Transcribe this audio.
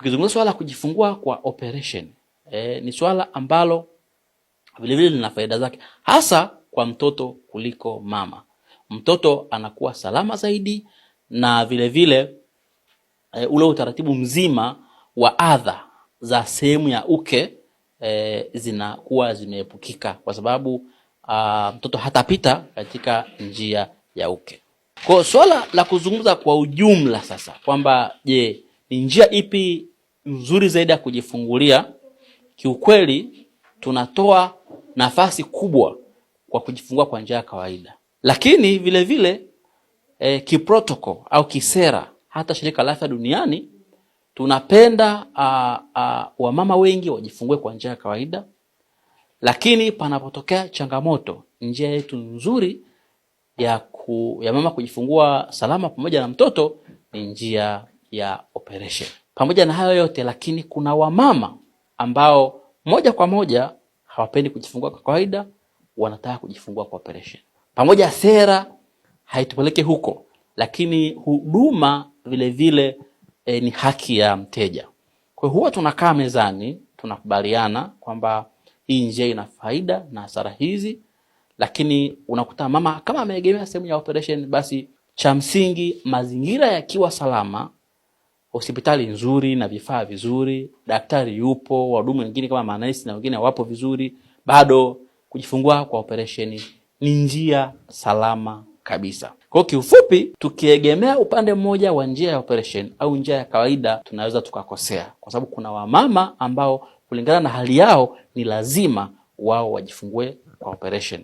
Tukizungumza swala la kujifungua kwa operation e, ni swala ambalo vilevile lina faida zake hasa kwa mtoto kuliko mama. Mtoto anakuwa salama zaidi na vilevile vile, e, ule utaratibu mzima wa adha za sehemu ya uke e, zinakuwa zimeepukika kwa sababu a, ah, mtoto hatapita katika njia ya uke. Kwa swala la kuzungumza kwa ujumla sasa kwamba je, ni njia ipi nzuri zaidi ya kujifungulia, kiukweli tunatoa nafasi kubwa kwa kujifungua kwa njia ya kawaida, lakini vile vile e, eh, kiprotoko au kisera, hata shirika la afya duniani tunapenda a, a, wamama wengi wajifungue kwa njia ya kawaida, lakini panapotokea changamoto, njia yetu nzuri ya, ku, ya mama kujifungua salama pamoja na mtoto ni njia ya operation. Pamoja na hayo yote lakini, kuna wamama ambao moja kwa moja hawapendi kujifungua kwa kawaida, wanataka kujifungua kwa operation. Pamoja sera haitupeleke huko, lakini huduma vile vile e, ni haki ya mteja. Kwa hiyo huwa tunakaa mezani, tunakubaliana kwamba hii njia ina faida na hasara hizi, lakini unakuta mama kama ameegemea sehemu ya operation, basi cha msingi mazingira yakiwa salama hospitali nzuri na vifaa vizuri, daktari yupo, wahudumu wengine kama manesi na wengine wapo vizuri, bado kujifungua kwa operesheni ni njia salama kabisa. kwao kiufupi, tukiegemea upande mmoja wa njia ya operation au njia ya kawaida, tunaweza tukakosea, kwa sababu kuna wamama ambao kulingana na hali yao ni lazima wao wajifungue kwa operation.